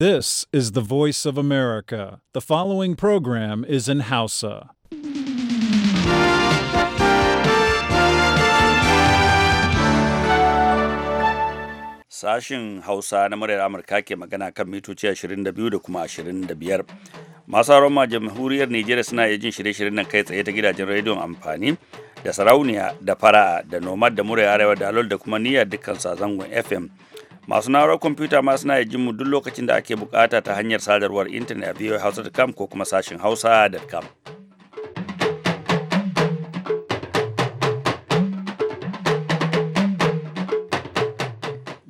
This is the voice of America. The following program is in Hausa. Sashin Hausa na muryar Amurka ke magana kan mitoci 22 da kuma 25. Masu ma jamhuriyar Nijeriya suna iya jin shirye-shiryen nan kai tsaye ta gidajen rediyon amfani da sarauniya da fara'a da nomad da muryar arewa da alol da kuma niyyar dukkan sazangon FM. masu na'urar kwamfuta ma suna yi mu duk lokacin da ake bukata ta hanyar sadarwar intanet a voahausa.com ko kuma sashin hausa.com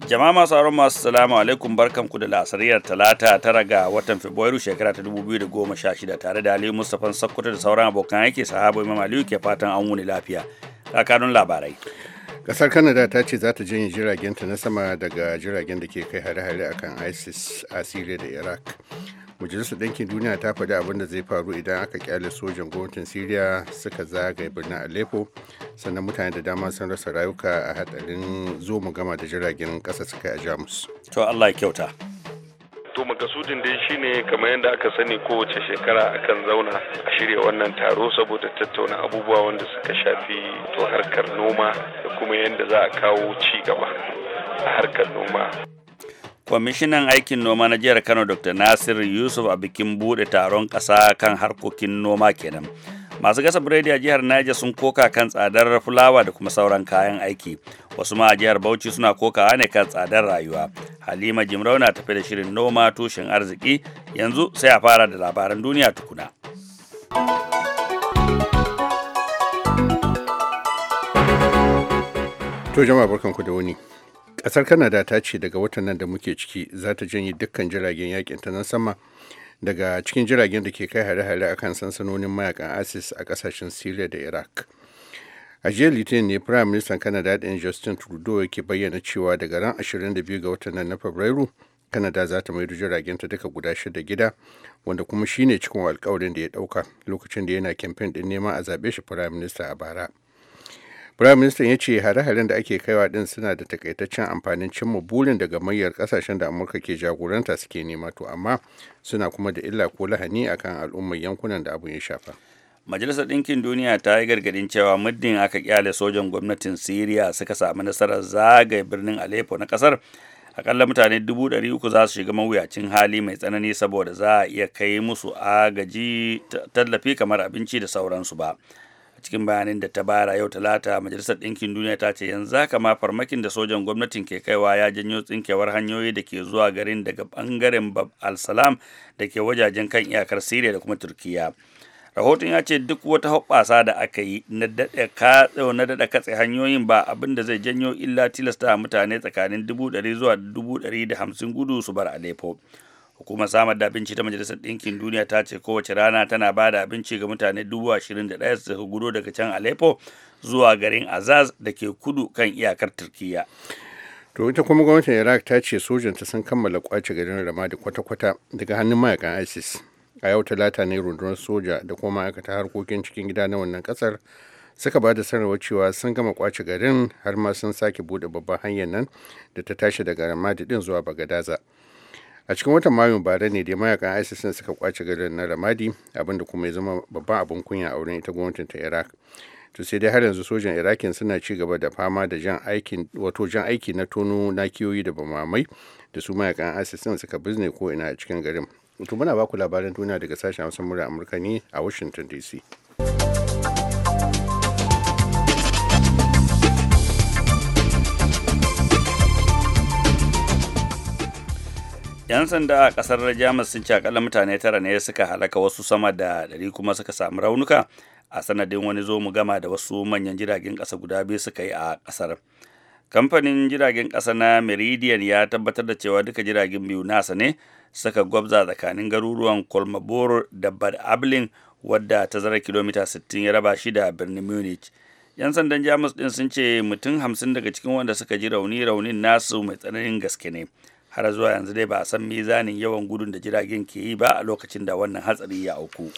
jama'a masu aron masu salamu alaikum barkan ku da la'asariyar talata tara ga watan fabrairu shekara ta dubu goma sha shida, tare da aliyu mustapha sakkwato da sauran abokan aiki sahabo imam aliyu ke fatan an wuni lafiya kakanun labarai kasar canada ta ce za ta janye jiragenta na sama daga jiragen da ke kai hare-hare akan isis a syria da iraq majalisar ɗinkin duniya ta faɗi abin da zai faru idan aka kyale sojan gwamnatin syria suka zagaye birnin aleppo sannan mutane da dama sun rasa rayuka a hadarin zo mu gama da jiragen ƙasa suka a jamus to allah kyauta To makasudin dai shine kamar yadda aka sani kowace shekara akan zauna a shirya wannan taro saboda tattauna abubuwa wanda suka shafi to harkar noma da kuma yadda za a kawo ci gaba a harkar noma. kwamishinan aikin noma na jihar kano dr nasir yusuf a bikin bude taron ƙasa kan harkokin noma kenan masu gasa biredi a jihar Niger sun koka kan tsadar fulawa da kuma sauran kayan aiki wasu ma a jihar Bauchi suna koka ne kan tsadar rayuwa Halima Jimrau na tafi da shirin noma tushen arziki yanzu sai a fara da labaran duniya tukuna to jama'a barkanku da wuni kasar kanada ta ce daga watan nan da muke ciki za ta janye dukkan jiragen yakin ta na sama daga cikin jiragen da ke kai hare-hare akan sansanonin mayakan isis a kasashen syria da iraq a jiya litinin ne prime minister canada din justin trudeau yake bayyana cewa daga ran 22 ga watan nan na fabrairu kanada za ta maido jiragen ta duka guda shida gida wanda kuma shine cikin alkawarin da ya dauka lokacin da yana kamfen din neman a zabe shi prime minister a bara Firaministan ya ce hare-haren da ake kaiwa din suna da takaitaccen amfanin cimma burin da gamayyar kasashen da Amurka ke jagoranta suke nema to amma suna kuma da illa ko lahani akan al'ummar yankunan da abun ya shafa. Majalisar Ɗinkin Duniya ta yi gargaɗin cewa muddin aka kyale sojan gwamnatin Siriya suka sami nasarar zagaye birnin Aleppo na kasar akalla mutane dubu ɗari uku za su shiga mawuyacin hali mai tsanani saboda za a iya kai musu agaji tallafi kamar abinci da sauransu ba. a cikin bayanin da ta bara yau talata majalisar ɗinkin duniya ta ce yanzu haka ma farmakin da sojan gwamnatin ke kaiwa ya janyo tsinkewar hanyoyi da ke zuwa garin daga bangaren bab al-salam da ke wajajen kan iyakar siriya da kuma turkiya rahoton ya ce duk wata hoɓɓasa da aka yi na daɗa katse hanyoyin ba abin da zai janyo illa tilasta mutane tsakanin dubu ɗari zuwa dubu ɗari da hamsin gudu su bar alepo hukumar samar da abinci ta majalisar ɗinkin duniya ta ce kowace rana tana ba da abinci ga mutane dubu ashirin da ɗaya su gudo daga can aleppo zuwa garin azaz da ke kudu kan iyakar turkiyya. to ita kuma gwamnatin iraq ta ce sojanta sun kammala kwace garin ramadi kwata-kwata daga hannun mayakan isis a yau talata ne rundunar soja da kuma ma'aikata harkokin cikin gida na wannan kasar suka ba da sanarwa cewa sun gama kwace garin har ma sun sake bude babban hanyar nan da ta tashi daga ramadi din zuwa bagadaza a cikin watan mayu bara ne da mayakan isis suka kwace garin na ramadi abinda kuma ya zama babban abin kunya a wurin ita gwamnatin ta iraq to sai dai har yanzu sojan irakin suna ci gaba da fama da jan aikin wato jan aiki na tono na kiyoyi da bamamai da su mayakan isis suka bizne ko ina a cikin garin to muna baku labaran duniya daga sashen hausa murya amurka ne a washington dc 'yan sanda a kasar jamus sun ce akalla mutane tara ne suka halaka wasu sama da ɗari kuma suka samu raunuka a sanadin wani zo mu gama da wasu manyan jiragen kasa guda biyu suka yi a kasar kamfanin jiragen ƙasa na meridian ya tabbatar da cewa duka jiragen biyu nasa ne suka gwabza tsakanin garuruwan kolmabor da bad ablin wadda ta zara kilomita 60 ya raba shi da birnin munich 'yan sandan jamus din sun ce mutum 50 daga cikin wanda suka ji rauni raunin nasu mai tsananin gaske ne har zuwa yanzu dai ba a san mizanin yawan gudun da jiragen ke yi ba a lokacin da wannan hatsari ya auku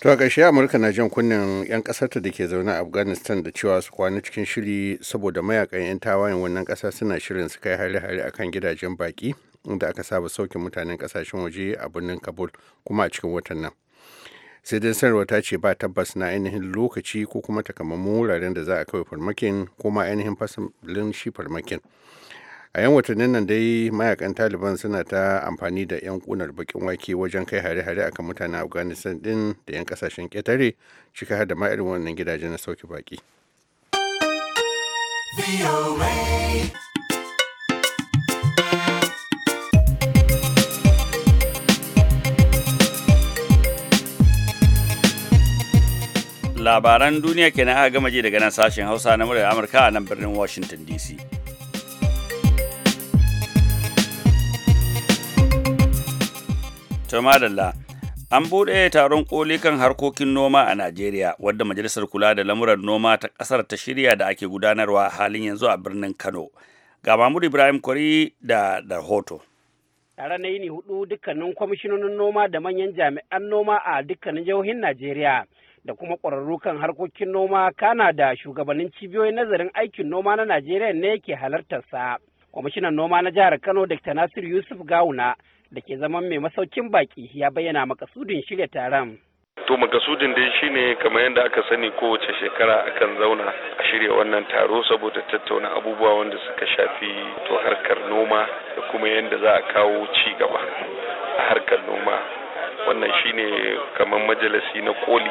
to a ƙarshe amurka na jan kunnen 'yan ƙasarta da ke zaune a afghanistan da cewa su kwana cikin shiri saboda mayakan 'yan tawayen wannan ƙasa suna shirin su kai hare-hare kan gidajen baki inda aka saba saukin mutanen ƙasashen waje a birnin kabul kuma a cikin watan nan sai dai sanarwa ta ce ba tabbas na ainihin lokaci ko kuma takamaiman wuraren da za a kawai farmakin ko ma ainihin fasalin shi farmakin a yan watannin nan dai mayakan taliban suna ta amfani da yan kunar bakin wake wajen kai hare-hare akan mutanen afghanistan din da yan kasashen ketare ciki har da ma irin wannan gidajen na sauki baki labaran duniya kenan aka gama ji daga nan sashen hausa na muryar amurka a nan birnin washington dc To madalla. An buɗe taron koli kan harkokin noma a Najeriya wadda Majalisar Kula da Lamuran Noma ta kasar ta shirya da ake gudanarwa halin yanzu a birnin Kano. Ga mamud Ibrahim Kwari da rahoto. Tare na yini hudu dukkanin kwamishinonin noma da manyan jami'an noma a dukkanin jihohin Najeriya da kuma ƙwararru kan harkokin noma kana da shugabannin cibiyoyin nazarin aikin noma na Najeriya ne ke halartarsa. Kwamishinan noma na jihar Kano Dr. nasiru Yusuf Gawuna da ke zaman mai masaukin baki ya bayyana makasudin shirya taron. To makasudin dai shine kamar yadda aka sani kowace shekara akan zauna a shirya wannan taro saboda tattauna abubuwa wanda suka shafi to harkar noma da kuma yadda za a kawo ci gaba a harkar noma wannan shine kamar majalisi na koli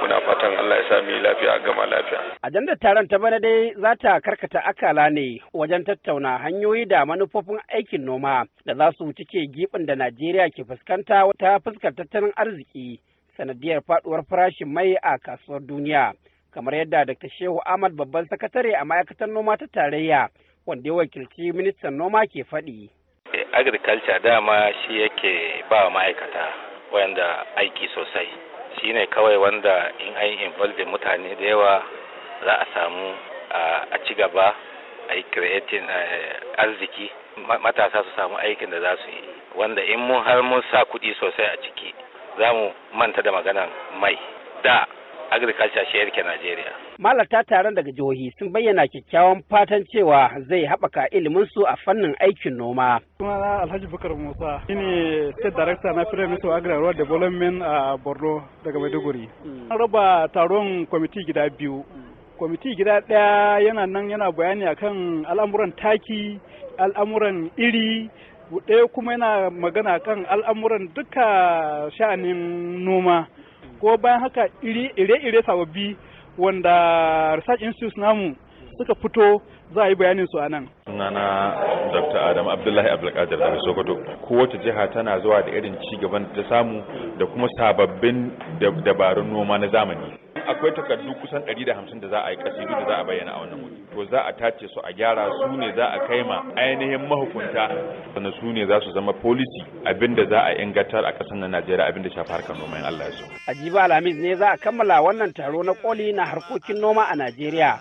muna fatan Allah ya sa lafiya gama lafiya ajandar taron ta bana dai za ta karkata akala ne wajen tattauna hanyoyi da manufofin aikin noma da za su cike gibin da Najeriya ke fuskanta ta fuskar tattalin arziki sanadiyar faduwar farashin mai a kasuwar duniya kamar yadda Dr. Shehu Ahmad babban sakatare a ma'aikatar noma ta tarayya wanda ya wakilci ministan noma ke faɗi. Eh, agriculture dama shi yake ba ma'aikata wanda aiki sosai shine kawai wanda in an involve mutane da yawa za a samu a ci gaba a yi creating arziki matasa su samu aikin da za su yi wanda in mun har mun sa kuɗi sosai a ciki za mu manta da maganan mai da agriculture shi yake Najeriya. Malata taron daga jihohi sun bayyana kyakkyawan fatan cewa zai haɓaka ilimin su a fannin aikin noma. Sunana Alhaji Bakar Musa, shi ne State Director na Federal Ministry of Rural Development a Borno daga Maiduguri. Mm. An raba taron kwamiti gida biyu. Kwamiti gida ɗaya yana nan yana bayani akan al'amuran taki, al'amuran iri, ɗaya kuma yana magana kan al'amuran duka sha'anin noma. ko bayan haka ire-ire sababbi wanda research institute namu suka fito za a yi bayanin su anan. nan. Sunana Dr. Adam Abdullahi Abdulkadir daga Sokoto. Kowace jiha tana zuwa da irin ci gaban da ta samu da kuma sababbin dabarun noma na zamani. akwai takardu kusan 150 da za a yi kasidu da za a bayyana a wannan wuri to za a tace su a gyara su ne za a kai ma ainihin mahukunta sannan su ne za su zama policy abinda za a ingantar a ƙasar nan Najeriya abinda shafi harkar noma in Allah ya so Ajiba Alhamis ne za a kammala wannan taro na koli na harkokin noma a Najeriya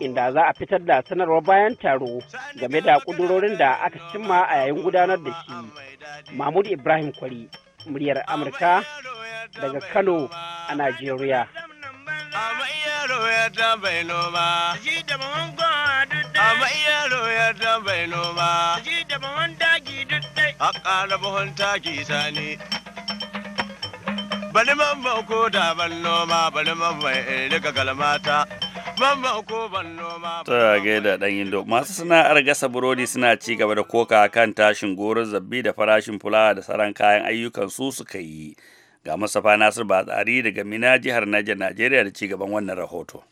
inda za a fitar da sanarwar bayan taro game da kudurorin da aka cimma a yayin gudanar da shi mahmud ibrahim kwari muryar amurka daga kano a najeriya ya bai noma. Ji da bawan gwa duk dai. Amma yaro ya tambayi noma. Ji da bawan daji duk dai. Haƙa da buhun taki sani. Bani man ko da ban noma, bani man mai rika galmata. Ta da ɗan Indo masu sana'ar gasa burodi suna ci gaba da koka kan tashin goron zabbi da farashin fulawa da saran kayan ayyukan su suka yi. Ga Mustapha Nasir Batsari daga Mina jihar Niger Najeriya da ci gaban wannan rahoto.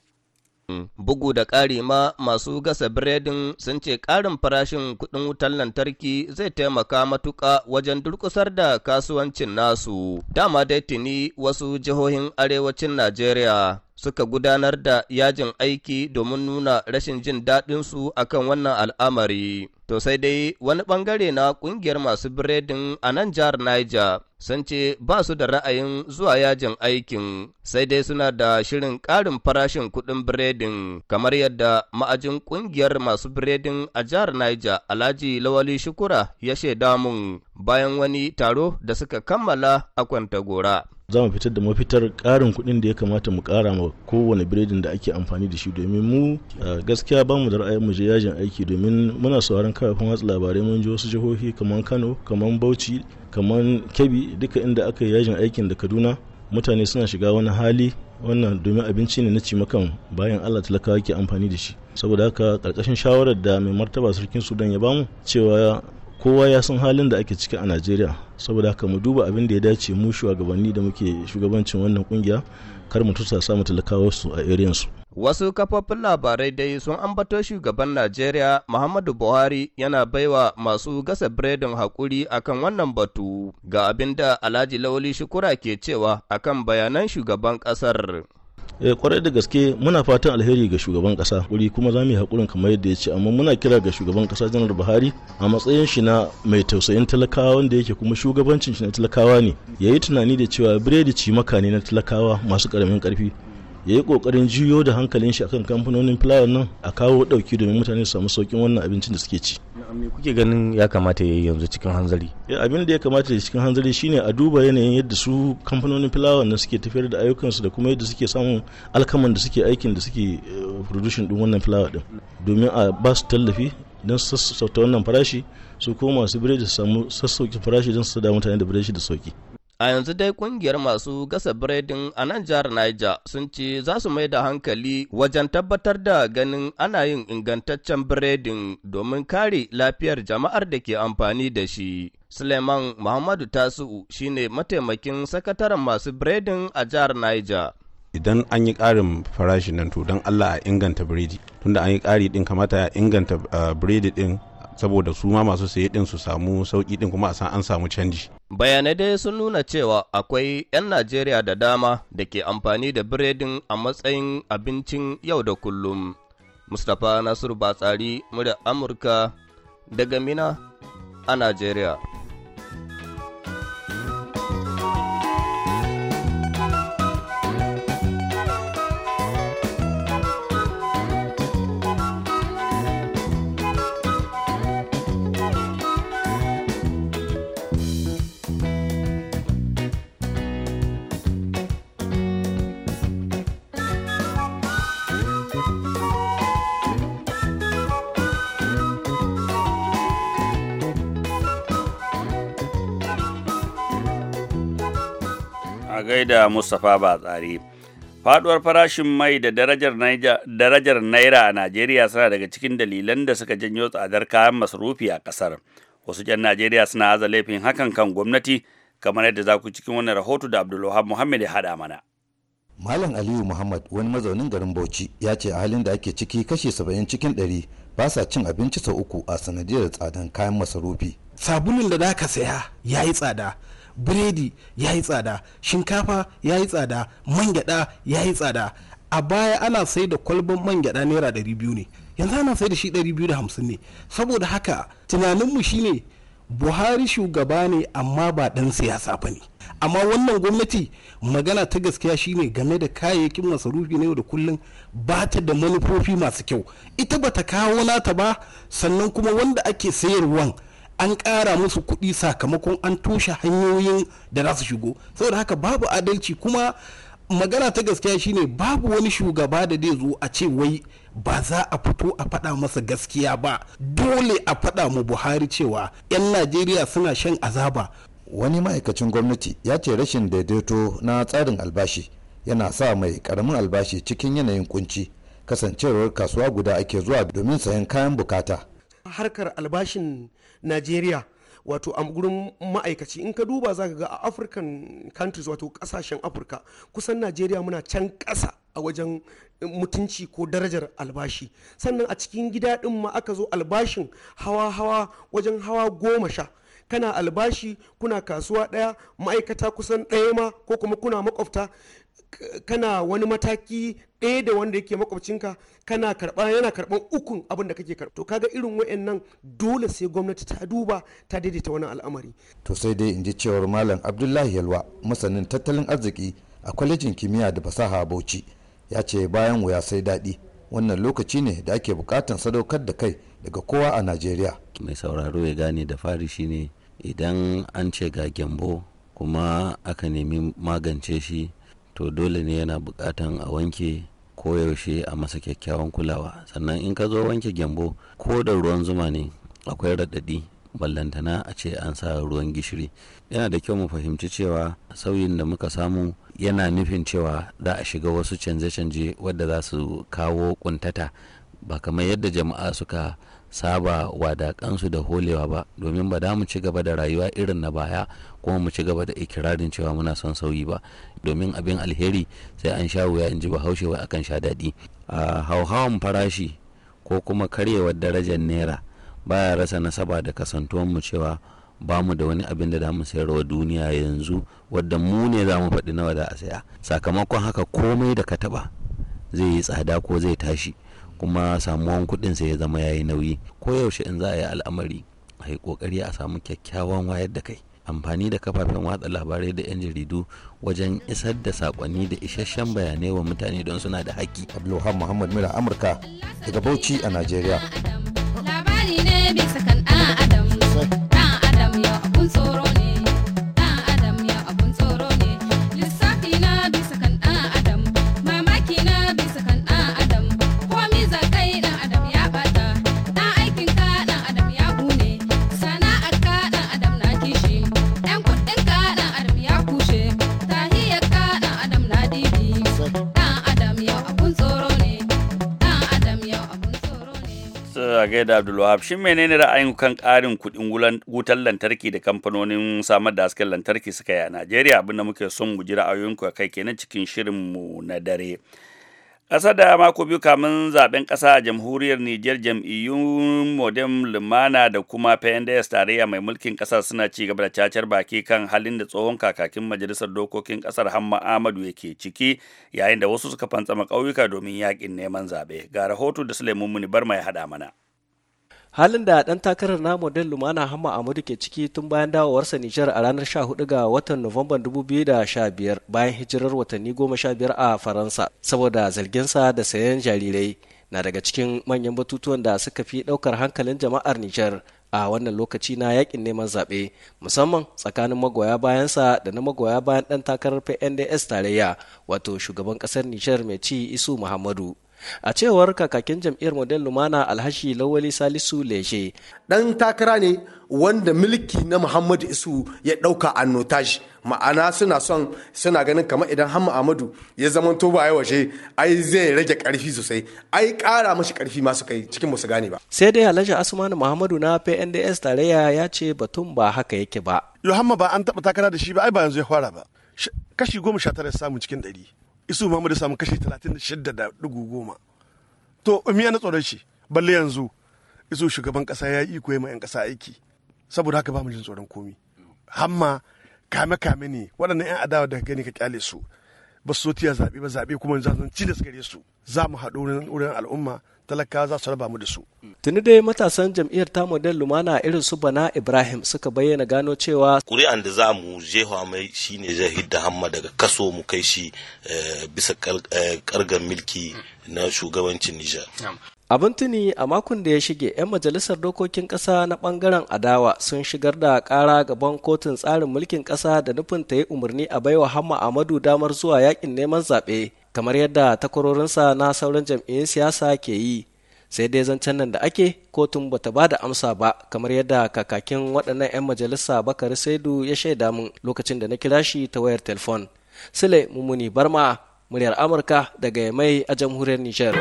Hmm. Bugu da ƙari ma masu gasa biredin sun ce ƙarin farashin kuɗin wutar lantarki zai taimaka matuƙa wajen durƙusar da kasuwancin nasu. Dama dai tuni wasu jihohin arewacin Najeriya suka gudanar da yajin aiki domin nuna rashin jin daɗinsu a kan wannan al'amari. To sai dai wani ɓangare na ƙungiyar masu biredin a nan jihar Niger sun ce ba su da ra'ayin zuwa yajin aikin sai dai suna da shirin ƙarin farashin kuɗin biredin kamar yadda ma'ajin ƙungiyar masu biredin a jihar Niger Alhaji Lawali Shukura ya shaida mun bayan wani taro da suka kammala a Kwantagora. za mu fitar da mafitar karin kuɗin da ya kamata mu kara ma kowane biredin da ake amfani da shi domin mu gaskiya ba mu da ra'ayin mu je yajin aiki domin muna sauraron kafin watsa labarai mun ji wasu jihohi kamar Kano kamar Bauchi kamar Kebbi duka inda aka yi yajin aikin da Kaduna mutane suna shiga wani hali wannan domin abinci ne na cimakan bayan allah talakawa ke amfani da shi saboda haka karkashin shawarar da mai martaba sarkin sudan ya bamu cewa kowa ya san halin da ake ciki a najeriya saboda haka mu duba abin da ya dace mu shugabanni da muke shugabancin wannan kungiya kar mu tusa samu talakawa su a irin su wasu kafofin labarai dai sun ambato shugaban najeriya muhammadu buhari yana baiwa masu gasa biredin hakuri akan wannan batu ga abinda alhaji lauli shukura ke cewa akan bayanan shugaban kasar Eh, kwarai da gaske muna fatan alheri ga shugaban kasa wuri kuma za mu yi haƙurin kamar yadda ya ce amma muna kira ga shugaban kasa janar buhari a matsayin shi na mai tausayin talakawa wanda yake kuma shugabancin shi na talakawa ne ya yi tunani da cewa biredi ci maka ne na talakawa masu ƙaramin ƙarfi. ya yi kokarin juyo da hankalin shi akan kamfanonin filayen nan a kawo dauki domin mutane su samu saukin wannan abincin da suke ci me kuke ganin ya kamata ya yi yanzu cikin hanzari eh, abin da ya kamata ya cikin hanzari shine a duba yanayin yadda su kamfanonin filayen nan suke tafiyar da ayyukansu da kuma yadda suke samun alkaman da suke aikin da suke eh, production din wannan filayen din domin a ba su tallafi don sassauta wannan farashi su kuma masu biredi su samu sassauki farashi don su da mutane da biredi da sauki A yanzu dai kungiyar masu gasa biredin a nan jihar Niger sun ce za su mai da hankali wajen tabbatar da ganin ana yin ingantaccen biredin domin kare lafiyar jama'ar da ke amfani da shi. Suleiman Muhammadu Tasu'u shine mataimakin sakataren masu biredin a jihar Niger. Idan an yi ƙarin farashin nan to don Allah a inganta biredi, tunda an yi ƙari din kamata a inganta eh, biredi din saboda su ma masu saye din su samu sauki din kuma a san an samu canji Bayanai dai sun nuna cewa akwai 'yan Najeriya da dama da ke amfani da biredin a matsayin abincin yau da kullum. Mustapha Nasiru Batsari, murya Amurka daga Mina a Najeriya. gaida Mustapha Batsari. Faduwar farashin mai da darajar Naira a Najeriya suna daga cikin dalilan da suka janyo tsadar kayan masarufi a ƙasar. Wasu jan Najeriya suna aza laifin hakan kan gwamnati kamar yadda za ku cikin wannan rahoto da Abdulwahab Muhammad ya haɗa mana. Malam Aliyu Muhammad wani mazaunin garin Bauchi ya ce a halin da ake ciki kashi 70 cikin 100 ba sa cin abinci sau uku a sanadiyar tsadar kayan masarufi. Sabulun da za ka saya ya yi tsada. biredi ya yi tsada shinkafa ya yi tsada man gyada ya yi tsada a baya ana sai da kwalban man naira ɗari biyu ne yanzu ana sai da shi hamsin ne saboda haka tunaninmu shine buhari shugaba ne amma ba dan siyasa ba ne amma wannan gwamnati magana ta gaskiya shine game da kayayyakin masarufi na yau da kullum ba ta da manufofi masu kyau ita ba ta kawo nata ba sannan kuma wanda ake sayarwan an ƙara musu kuɗi sakamakon an toshe hanyoyin da za su shigo saboda haka babu adalci kuma magana ta gaskiya shine babu wani shugaba da zai zo a ce wai ba za a fito a faɗa masa gaskiya ba dole a faɗa mu buhari cewa 'yan najeriya suna shan azaba wani ma'aikacin gwamnati ya ce rashin daidaito na tsarin albashi yana sa mai karamin albashi cikin yanayin kunci kasancewar kasuwa guda ake zuwa domin sayan kayan bukata harkar albashin najeriya wato a gurin ma'aikaci in ka duba za ka ga a african countries wato kasashen afirka kusan najeriya muna can ƙasa a wajen mutunci ko darajar albashi sannan a cikin gida din ma aka zo albashin hawa-hawa wajen hawa goma sha kana albashi kuna kasuwa ɗaya ma'aikata kusan ɗaya ma ko kuma kuna makwabta kana wani mataki ɗaya da wanda yake makwabcinka kana karɓa yana karɓan ukun abin da kake karɓa to kaga irin wayannan dole sai gwamnati ta duba ta daidaita wani al'amari to sai dai in ji cewar malam abdullahi yalwa masanin tattalin arziki a kwalejin kimiyya da fasaha bauchi ya ce bayan wuya sai daɗi wannan lokaci ne da ake bukatan sadaukar da kai daga kowa a najeriya mai sauraro ya gane da fari shi ne idan an ce ga gyambo kuma aka nemi magance shi to dole ne yana bukatan a wanke koyaushe a masa kyakkyawan kulawa sannan in ka zo wanke gyambo ko da ruwan zuma ne akwai raɗaɗi ballantana a ce an sa ruwan gishiri yana da kyau mu fahimci cewa sauyin da muka samu yana nufin cewa za a shiga wasu canje-canje wadda za su kawo kuntata ba kamar yadda jama'a suka saba wadakansu da holewa ba domin ba da mu ci gaba da rayuwa irin na baya kuma mu ci gaba da ikirarin cewa muna son sauyi ba domin abin alheri sai an sha wuya in ji bahaushe wai akan sha daɗi a hauhawan farashi ko kuma karyewar darajar naira baya rasa nasaba da kasantuwan mu cewa ba mu da wani abin da mu sayar wa duniya yanzu wadda mu ne za mu faɗi nawa da a saya sakamakon haka komai da ka taɓa zai yi tsada ko zai tashi kuma samuwan kuɗin sai ya zama ya yi nauyi yaushe in za a yi al'amari a yi ƙoƙari a samu kyakkyawan wayar da kai amfani da kafafen watsa labarai da 'yan jaridu wajen isar da saƙonni da isasshen bayanai wa mutane don suna da haƙƙi. Abdulhamid Muhammad Mira Amurka daga Bauchi a Najeriya. Labari ne bisa gaida Abdulwahab shin menene ra'ayin kan ƙarin kuɗin wutar lantarki da kamfanonin samar da hasken lantarki suka yi a Najeriya abin da muke son mu ji ra'ayoyinku kai kenan cikin shirin mu na dare. Ƙasa da mako biyu kamun zaɓen ƙasa a jamhuriyar Nijar jam'iyyun Modem Lumana da kuma PNDS tarayya mai mulkin ƙasar suna ci gaba da cacar baki kan halin da tsohon kakakin majalisar dokokin ƙasar Hamma Ahmadu yake ciki yayin da wasu suka fantsama ƙauyuka domin yaƙin neman zaɓe. Ga rahoto da Suleiman Muni bar mai haɗa mana. halin da dan takarar na model lumana hama amadu ke ciki tun bayan dawowarsa nijar a ranar 14 ga watan novamban 2015 bayan hijirar watanni 15 a faransa saboda zarginsa da sayan jarirai na daga cikin manyan batutuwan da suka fi daukar hankalin jama'ar nijar a wannan lokaci na yakin neman zaɓe musamman tsakanin magoya bayansa da na magoya bayan dan takarar pnds tarayya wato shugaban ƙasar nijar mai ci isu muhammadu a cewar kakakin jam'iyyar model lumana alhashi lawali salisu leshe dan takara ne wanda mulki na muhammadu isu ya dauka a notaji ma'ana suna son suna ganin kamar idan har muhammadu ya zama to ba waje ai zai rage karfi sosai ai kara mashi karfi masu kai cikin musu gane ba sai dai alhaji asmanu muhammadu na pnds tarayya ya ce batun ba haka yake ba yohamma ba an taba takara da shi ba ai ba yanzu ya fara ba kashi goma sha tara samun cikin ɗari isu da samu kashi 36.10 to miya na tsoron shi balle yanzu isu shugaban kasa ya yi koyi ma 'yan kasa aiki saboda haka ba mu jin tsoron komi hamma kame kame ne waɗannan 'yan adawa da gani ka kyale su ba su tiya zaɓe ba zaɓe kuma zan ci da su gare su za mu haɗu wurin al'umma talaka za su raba mu da su. Tuni dai matasan jam'iyyar ta model lumana irin su bana Ibrahim suka bayyana gano cewa. Kuri'an da za mu jefa mai shine zai hidda hamma daga kaso mu kai shi eh, bisa eh, kargan milki na shugabancin Nijar. Abin tuni a makon da ya shige 'yan majalisar dokokin ƙasa na ɓangaren adawa sun shigar da ƙara gaban kotun tsarin mulkin ƙasa da nufin ta yi umarni a baiwa Hamma Amadu damar zuwa yakin neman zaɓe. kamar yadda takwarorinsa na sauran jam'iyyun siyasa ke yi sai dai zancen nan da ake kotun bata ba da amsa ba kamar yadda kakakin waɗannan 'yan majalisa bakari saidu ya shaida mun lokacin da na kira shi ta wayar telefon sule mummuni barma muryar amurka daga mai a jamhuriyar nijar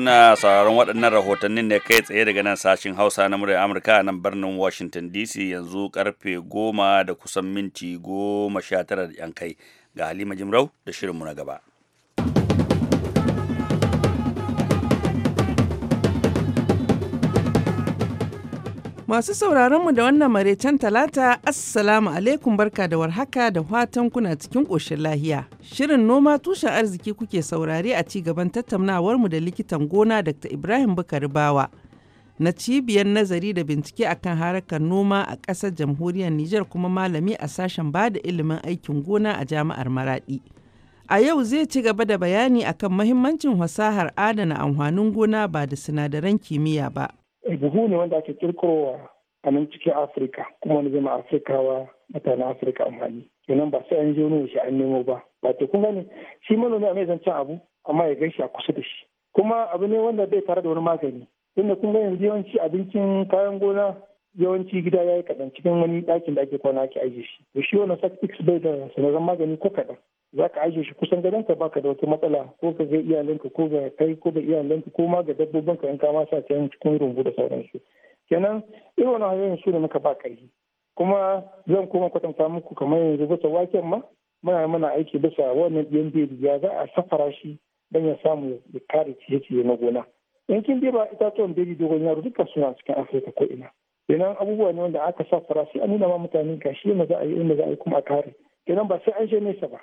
kuna sauraron waɗannan rahotannin ne kai tsaye daga nan sashin Hausa na muryar Amurka a nan birnin Washington DC yanzu karfe goma da kusan minti goma sha tara da 'yan kai ga Halima Jimrau da shirinmu na gaba. Masu sauraronmu da wannan maraicen talata, Assalamu alaikum barka da warhaka da watan kuna cikin koshin lahiya. Shirin noma tushen arziki kuke saurare a ci gaban tattaunawarmu da likitan gona Dr. Ibrahim Bukari Bawa. Na cibiyar nazari da bincike akan harkar noma a ƙasar jamhuriyar Nijar kuma malami a sashen ba da ilimin aikin gona a jami'ar Maraɗi. A yau zai ci gaba da bayani akan mahimmancin fasahar adana amfanin gona ba da sinadaran kimiyya ba. buhu ne wanda ake kirkirowa a nan cikin afirka kuma wani zama afirkawa mutanen afirka amfani kenan ba sai an je wani shi an nemo ba ba ta kuma ne shi manomi a mai zancen abu amma ya gaishe a kusa da shi kuma abu ne wanda bai tare da wani magani tunda kun ga yanzu yawanci abincin kayan gona yawanci gida ya yi kaɗan cikin wani ɗakin da ake kwana ake ajiye shi to shi wannan septic bai da sanarren magani ko kaɗan za ka ajiye shi kusan gadon ka baka da wata matsala ko ka ga iyalanka ko ga kai ko ga iyalanka ko ma ga dabbobin ka in ka ma sa can cikin rumbu da sauransu kenan irin wannan hanyoyin su ne muka ba ƙarfi kuma zan koma kwatanta muku kamar yanzu bisa waken ma muna mana aiki bisa wannan ɗin bedi ya za a safara shi don ya samu ya kare ciye-ciye na gona in kin ba itatuwan bedi dogon yaro dukkan suna cikin afirka ko ina kenan abubuwa ne wanda aka safara sai a nuna ma mutane ka shi ne za a yi inda za a yi kuma a kare kenan ba sai an je nesa ba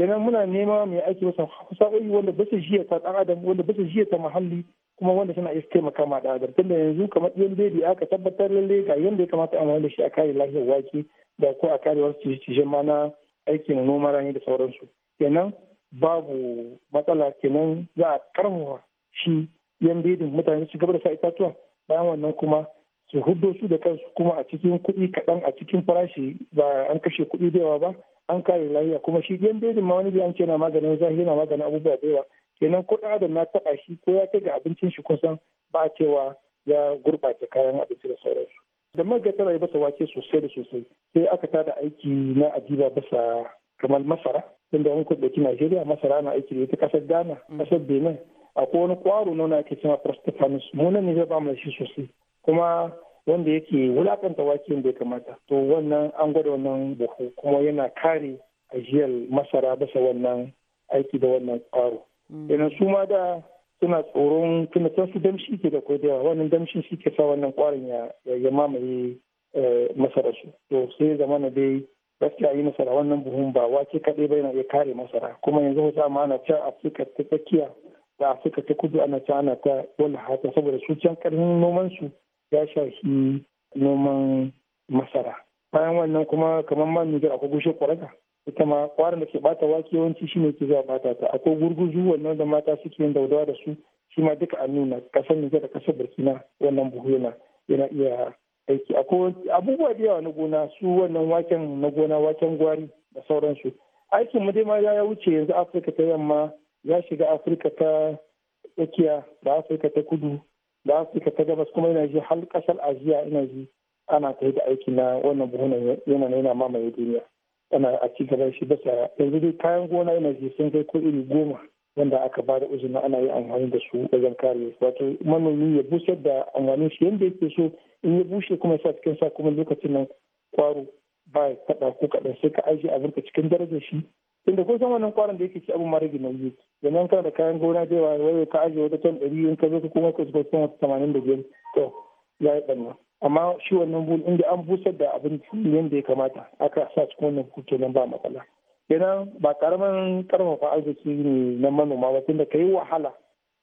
kenan muna nema mai aiki wasu sa'o'i wanda ba su shiya ta dan adam wanda ba su ta muhalli kuma wanda suna iya taimaka ma da adam tunda yanzu kamar ɗiyan bebi aka tabbatar lalle ga yanda ya kamata a da shi a kare lafiyar wake da ko a kare wasu cije-cijen ma na aikin noma noman rani da sauransu kenan babu matsala kenan za a karfafa shi yan bedin mutane su gaba da sa itatuwa bayan wannan kuma su hudo su da kansu kuma a cikin kuɗi kaɗan a cikin farashi ba an kashe kuɗi da yawa ba an kare lahiya kuma shi gen bejin ma wani an ce na maganin zahi na maganin abubuwa da yawa kenan ko da adam na taɓa shi ko ya kai ga abincin shi kusan ba cewa ya gurɓace kayan abinci da sauransu da man ga tana basa wake sosai da sosai sai aka tada aiki na ajiba basa kamar masara tunda wani kuɗa ki Najeriya masara na aiki da ita ƙasar Ghana mm. ƙasar Benin akwai wani kwaro nuna ake cewa prostopanus mu nan ne ba mu shi sosai kuma wanda yake wulakanta waken da ya kamata to wannan an gwada wannan buhu kuma yana kare ajiyar masara bisa wannan aiki da wannan kwaro idan hmm. su ma da suna tsoron tunatan su damshi ke da kwai wannan damshi shi ke sa wannan kwarin ya mamaye eh, masara su to sai zamana dai gaskiya yi masara wannan buhun ba wake kaɗai ba yana iya kare masara kuma yanzu wata ma ana can afirka ta tsakiya da afirka ta kudu ana can ana ta wani haka saboda su can karfin noman su ya shafi noman masara bayan wannan kuma kamar man nijar akwai gushe kwaraka ita ma kwarin da ke bata wake yawanci shine ke zuwa bata ta akwai gurguzu wannan da mata suke yin daudawa da su shi ma duka an nuna kasar nijar da kasar burkina wannan buhu yana yana iya aiki akwai abubuwa da yawa na gona su wannan waken na gona waken gwari da sauransu aikin mu dai ma ya wuce yanzu afirka ta yamma ya shiga afirka ta tsakiya da afirka ta kudu da afirka ta gabas kuma yana ji har kasar ajiya ina ji ana ta da aiki na wannan buhunan yana nuna mamaye duniya ana a ci gaba shi bisa yanzu dai kayan gona yana ji sun kai ko iri goma wanda aka ba da uzuri ana yi amfani da su wajen kare wato manomi ya busar da amfanin shi yadda yake so in ya bushe kuma sa cikin sa kuma lokacin nan kwaro ba ya taɓa ko kaɗan sai ka ajiye abinka cikin darajar shi tunda ko san wannan kwaron da yake ci abin ma rage nauyi domin kana da kayan gona da yawa wai ka ajiye wata ton ɗari in ka zo ka kuma ka zuba ton tamanin da biyar to ya yi ɓanna amma shi wannan bulu inda an busar da abin da ya kamata aka sa cikin wannan kuke nan ba matsala kenan ba karamin karfafa arziki ne na manoma ba tunda ka yi wahala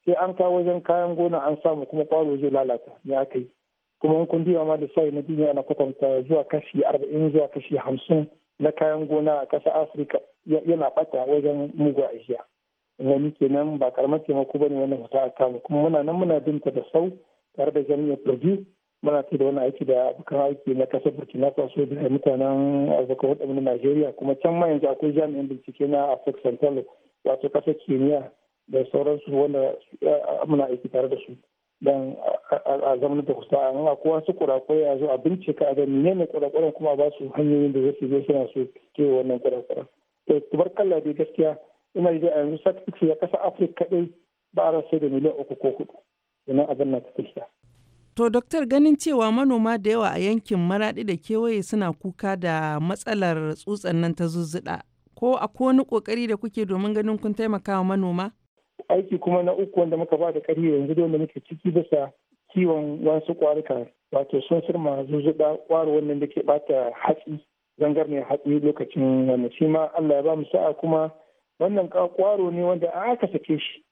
sai an kawo wajen kayan gona an samu kuma kwaro zai lalata ne aka yi kuma in kun biya ma da sai na duniya ana kwatanta zuwa kashi arba'in zuwa kashi hamsin na kayan gona a ƙasar afirka yana bata wajen mugu ajiya wani kenan ba karamar taimako ba ne wannan wata aka kuma muna nan muna binta da sau tare da jami'ar produce muna ce da wani aiki da abokan aiki na kasar burkina faso da mutanen arzika waɗanda najeriya kuma can ma yanzu akwai jami'an bincike na afrik central wato kasar kimiyya da sauransu wanda eh, muna aiki tare da su don a zamanin da kusa a an kowa su kurakurai a zo a bincika a ga menene kurakuran kuma ba su hanyoyin da zai su suna so ke wannan kurakuran tubarkalla dai gaskiya ina yi a yanzu sakici ya kasa afirka kaɗai ba a rasa da miliyan uku ko hudu sannan abin na tafiya. To, doktor ganin cewa manoma da yawa a yankin maraɗi da kewaye suna kuka da matsalar tsutsan nan ta zuzzuɗa. Ko ko wani ƙoƙari da kuke domin ganin kun taimaka wa manoma? Aiki kuma na uku wanda muka ba da ƙari yanzu da muke ciki bisa kiwon wasu kwarika wato sun sirma zuzzuɗa kwaro wannan da ke bata hatsi zangar ne haɗi lokacin wannan shi ma Allah ya ba mu sa'a kuma wannan kwaro ne wanda aka sake shi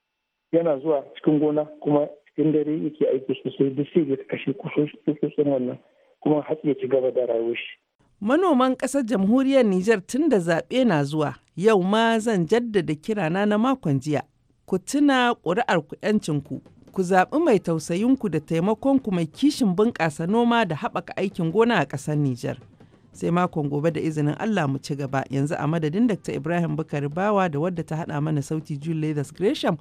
yana zuwa cikin gona kuma cikin dare yake aiki sosai duk sai ya kashe kusoshin wannan kuma hatsi ya ci gaba da rayuwar shi. Manoman ƙasar jamhuriyar Nijar tun da zaɓe na zuwa yau ma zan jaddada kirana na makon jiya. Ku tuna ƙuri'ar ku ku ku zaɓi mai tausayinku da taimakonku mai kishin bunƙasa noma da haɓaka aikin gona a ƙasar Nijar. sai makon gobe da izinin Allah mu ci gaba yanzu a madadin Dr. Ibrahim Bukari Bawa da wadda ta haɗa mana sauti Julie Leathers Gresham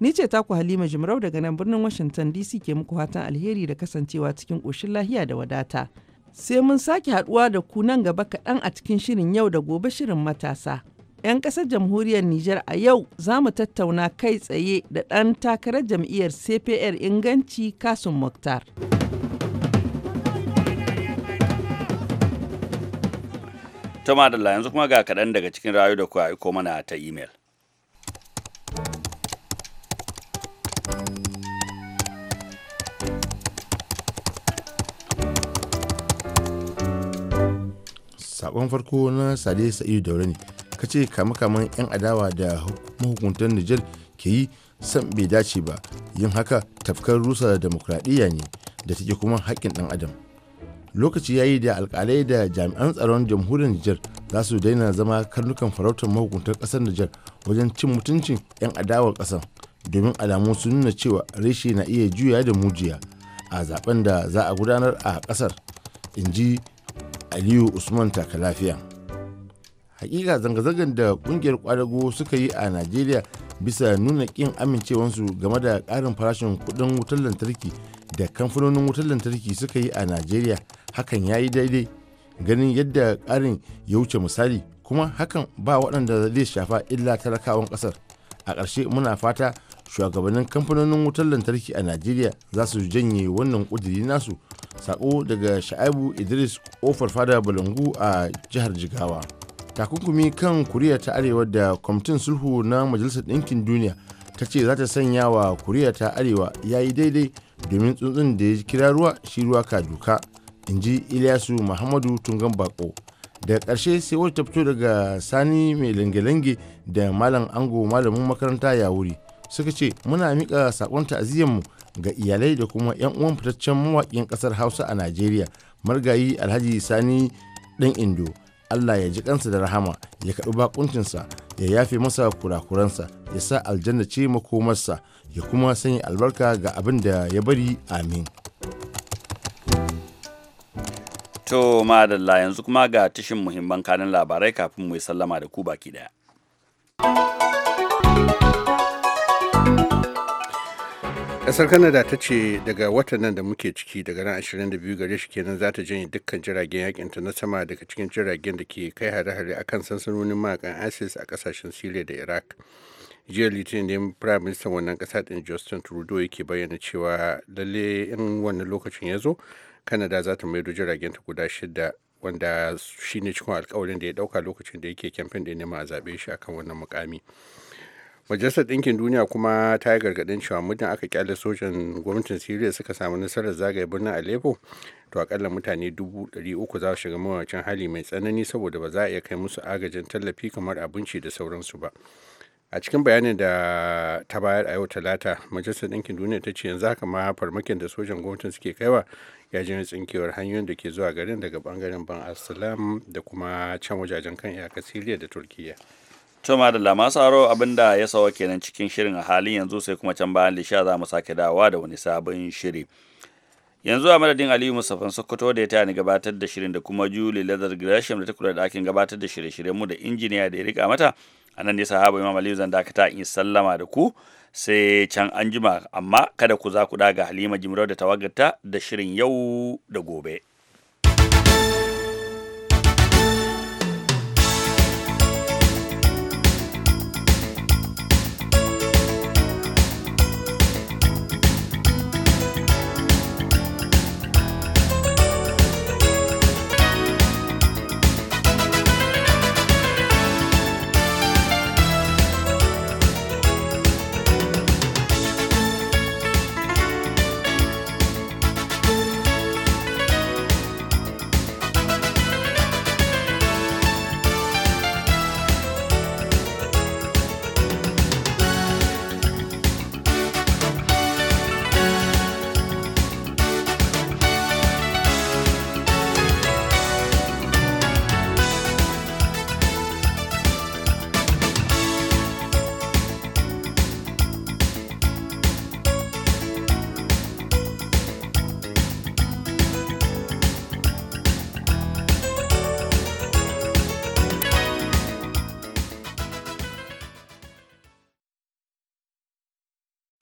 ni ce taku Halima Jimrau daga nan birnin Washington DC ke muku fatan alheri da kasancewa cikin ƙoshin lahiya da wadata. Sai mun sake haduwa da ku nan gaba kaɗan a cikin shirin yau da gobe shirin matasa. 'Yan ƙasar jamhuriyar Nijar a yau za mu tattauna kai tsaye da ɗan takarar jam'iyyar CPR inganci Kasum Mukhtar. ta madalla yanzu kuma ga kaɗan daga cikin rayu da kuwa aiko mana ta imel. sakon farko na sade sa'idu daure ne ka ce kama-kaman 'yan adawa da mahukuntan nijar ke yi san bai dace ba yin haka tafkar rusa da ne da take kuma haƙƙin ɗan adam lokaci ya yi da alkalai da jami'an tsaron jamhuriyar nijar za su daina zama karnukan farautar mahukuntar kasar nijar wajen cin mutuncin 'yan adawar kasar domin alamu sun nuna cewa reshe na iya juya da mujiya a zaben da za a gudanar a ƙasar in ji aliyu usman takalafiya hakika zanga-zangar da kungiyar kwadago suka yi a najeriya bisa nuna kin amincewansu game da karin farashin kudin wutar lantarki da kamfanonin wutar lantarki suka yi a najeriya hakan ya yi daidai ganin yadda ƙarin ya wuce misali kuma hakan ba waɗanda zai shafa illa talakawan ƙasar a ƙarshe muna fata shugabannin kamfanonin wutar lantarki a najeriya za su janye wannan ƙudiri nasu sako daga sha'abu idris ƙofar fada balangu a jihar jigawa takunkumi kan kuriya ta arewa da kwamitin sulhu na majalisar ɗinkin duniya ta ce za ta sanya wa kuriya ta arewa ya yi daidai domin tsuntsun da ya kira ruwa shi ruwa ka duka in ji ilyasu muhammadu tungan bako da ƙarshe sai wata ta fito daga sani mai lange-lange da malam ango malamin makaranta ya wuri suka ce muna miƙa saƙon ta'aziyyarmu ga iyalai da kuma 'yan uwan fitaccen mawaƙin ƙasar hausa a najeriya margayi alhaji sani ɗan indo Allah ya ji kansa da rahama ya karɓi bakuncinsa ya yafe masa kurakuransa ya sa aljanna ce makomarsa ya kuma sanya albarka ga abin da ya bari amin to madalla yanzu kuma ga tashin muhimman kanin labarai kafin mu yi sallama da ku baki daya kasar kanada ta ce daga watan nan da muke ciki daga ran 22 gare shi kenan za ta janye dukkan jiragen yakin ta na sama daga cikin jiragen da ke kai hare-hare akan sansanonin mayakan isis a kasashen syria da iraq jiya litinin ne prime minister wannan kasa din justin trudeau yake bayyana cewa lalle in wannan lokacin ya zo kanada za ta maido jiragen ta guda shida wanda shine cikin alkawarin da ya dauka lokacin da yake kyamfen da ya nema a zaɓe shi akan wannan mukami. majalisar ɗinkin duniya kuma ta yi gargaɗin cewa muddin aka kyale sojan gwamnatin siriya suka samu nasarar zagaye birnin aleppo to akalla mutane dubu ɗari uku za su shiga mawacin hali mai tsanani saboda ba za a iya kai musu agajin tallafi kamar abinci da sauransu ba a cikin bayanin da ta bayar a yau talata majalisar ɗinkin duniya ta ce yanzu haka ma farmakin da sojan gwamnatin suke kaiwa ya ji tsinkewar hanyoyin da ke zuwa garin daga bangaren ban asalam da kuma can wajajen kan iyakar siriya da turkiyya Tuma da lama saro abinda ya sawa kenan cikin shirin a halin yanzu sai kuma can bayan lisha za mu sake dawa da wani sabon shiri. Yanzu a madadin Aliyu Mustapha Sokoto da ya taya ni gabatar da shirin da kuma Julie lazar Gresham da ta kula da ɗakin gabatar da shirye-shiryen mu da injiniya da ya rika mata. A nan ne sahaba Imam Aliyu zan dakata in sallama da ku sai can anjima amma kada ku za ku daga Halima Jimrau da tawagarta da shirin yau da gobe.